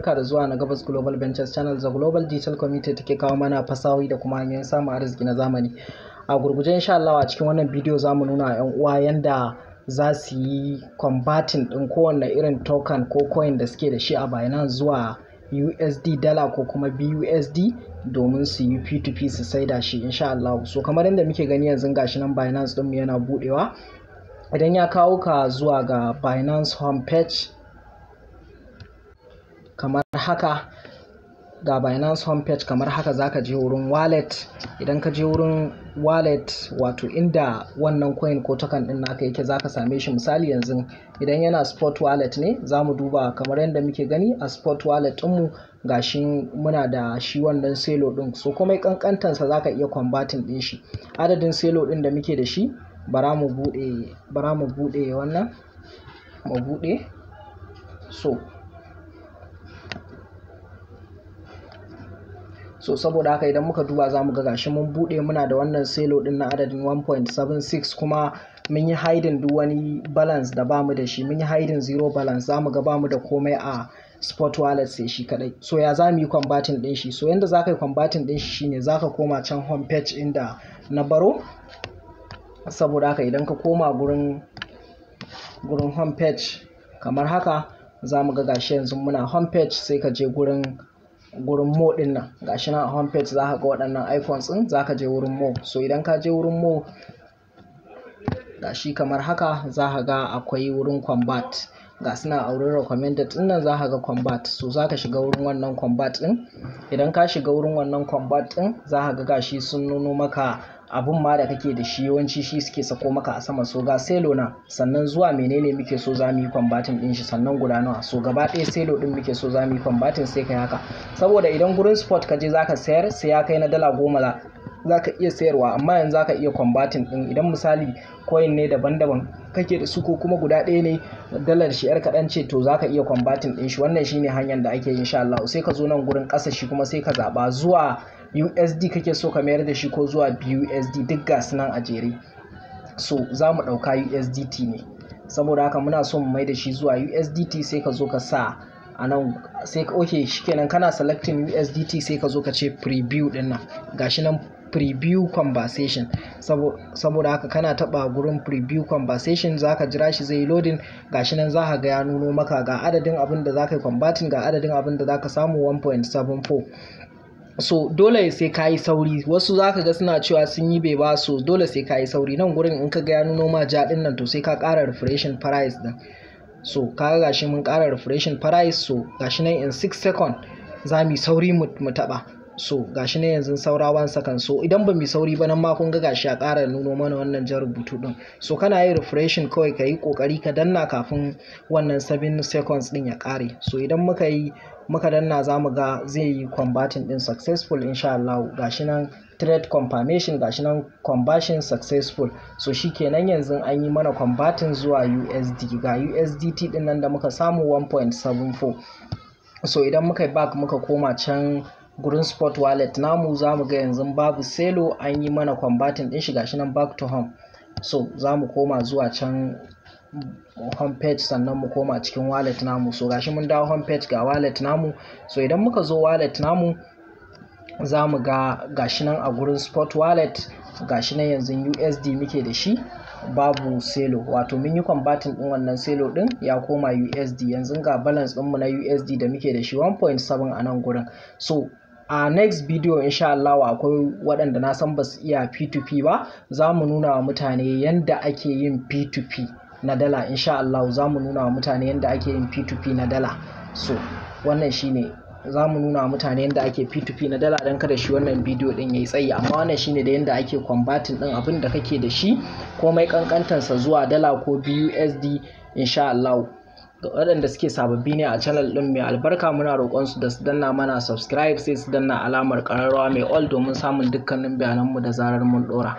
Barka da zuwa na Gabas Global Ventures Channel the Global Digital Committee take kawo mana fasahohi da kuma hanyoyin samun arziki na zamani. A gurguje insha Allah a cikin wannan bidiyo za mu nuna ‘yan uwa yanda za su yi combating ɗin kowanne irin token ko coin da suke da shi a Binance zuwa USD dala ko kuma BUSD domin su yi P2P su saida shi insha Allah. So kamar yadda muke gani yanzu gashi nan Binance mu yana budewa Idan ya kawo ka zuwa ga Binance homepage kamar haka ga Binance homepage kamar haka zaka je wurin wallet idan ka je wurin wallet wato inda wannan coin ko token din naka yake zaka same shi misali yanzu idan yana spot wallet ne za mu duba kamar yadda muke gani a spot wallet ɗinmu shi muna da shi wannan selo ɗin so komai kankantansa zaka iya converting ɗin shi adadin selo ɗin da muke da shi bara mu bude bara mu buɗe wannan mu buɗe so so saboda haka idan muka duba za mu ga gashi mun bude muna da wannan selo din na adadin 1.76 kuma mun yi haidin duk wani balance da bamu da shi mun yi haidin zero balance za ga bamu da komai a spot wallet sai shi kadai so ya za mu yi kwambatin din shi so yanda za ka yi kwambatin din shi shine za ka koma can home page inda na baro saboda haka idan ka koma gurin gurin home page kamar haka za mu ga gashi yanzu muna home page sai ka je gurin gurin mo din nan gashi na a page za ka ga waɗannan iphones din za ka je wurin mo so idan ka je wurin mo gashi kamar haka za ka ga akwai wurin combat ga suna a wurin recommended din nan za ka ga combat so za ka shiga wurin wannan combat din idan ka shiga wurin wannan combat din za ka ga gashi sun nuno maka abun ma da kake da shi yawanci shi suke sako maka a sama soga sai selo na sannan zuwa menene muke so za mu yi kwambatin din shi sannan guda nawa so gaba ɗaya selo din muke so za mu yi kwambatin sai kai haka saboda idan gurin sport ka je zaka sayar sai ya kai na dala goma za ka iya sayarwa amma yanzu za ka iya kwambatin ɗin idan misali coin ne daban-daban kake da su ko kuma guda ɗaya ne dalar shi 'yar kaɗan ce to za ka iya kwambatin ɗin shi wannan shine hanyar da ake insha Allah sai ka zo nan gurin ƙasa shi kuma sai ka zaɓa zuwa USD kake so ka mayar da shi ko zuwa BUSD duk ga nan a jere so za mu ɗauka USDT ne saboda haka muna so mu mai da shi zuwa USDT sai ka zo ka sa a nan sai ok shikenan kana selecting USDT sai ka zo ka ce preview ɗin nan gashi nan preview conversation saboda haka kana taba gurin preview conversation zaka jira shi zai loading gashi nan zaka ga ya nuno maka ga adadin abin da zaka yi converting ga adadin abin da zaka samu 1.74 so dole sai ka yi sauri wasu zaka ga suna cewa sun yi bai ba so dole sai ka yi sauri nan gurin in ka ga nuno ma jaɗin nan to sai ka ƙara refreshing price din so ka ga gashi mun ƙara refreshing price so gashi nan in 6 second za mu yi sauri mu taɓa so gashi ne yanzu saura sakan so idan ba mu sauri ba nan ma kun ga gashi a ƙara nuno mana wannan jan rubutu din so kana yin refreshing kawai ka yi ƙoƙari ka danna kafin wannan 7 seconds din ya ƙare so idan muka yi muka danna za mu ga zai yi combating din successful insha Allah gashi nan trade confirmation gashi nan conversion successful so shikenan yanzu an yi mana combating zuwa USD ga USDT din nan da muka samu 1.74 so idan muka yi back muka koma can gurin spot wallet namu zamu ga yanzu babu selo an yi mana combatin din shi gashi nan back to home so za koma zuwa can home page sannan mu koma cikin wallet namu so gashi mun dawo home page ga wallet namu so idan muka zo wallet namu za mu ga gashi nan a gurin spot wallet gashi nan yanzu usd muke da shi babu selo wato mun yi combatin din wannan selo din ya koma usd yanzu ga balance din mu na usd da muke da shi 1.7 a nan gurin so A next video insha Allah akwai waɗanda na san ba su iya P2P ba, za mu nuna wa mutane yadda ake yin P2P na dala insha Allah za mu nuna wa mutane yadda ake yin P2P na dala. So wannan shine za mu nuna mutane yadda ake P2P na dala don kada shi wannan bidiyo din yayi tsayi amma wannan shine da yadda ake kwambatin din abin da kake da shi komai kankantansa zuwa dala ko BUSD insha Allah ga waɗanda suke sababbi ne a channel ɗin mai albarka muna roƙon su da su danna mana subscribe sai su danna alamar ƙararrawa mai all domin samun dukkanin bayananmu da zarar mun ɗora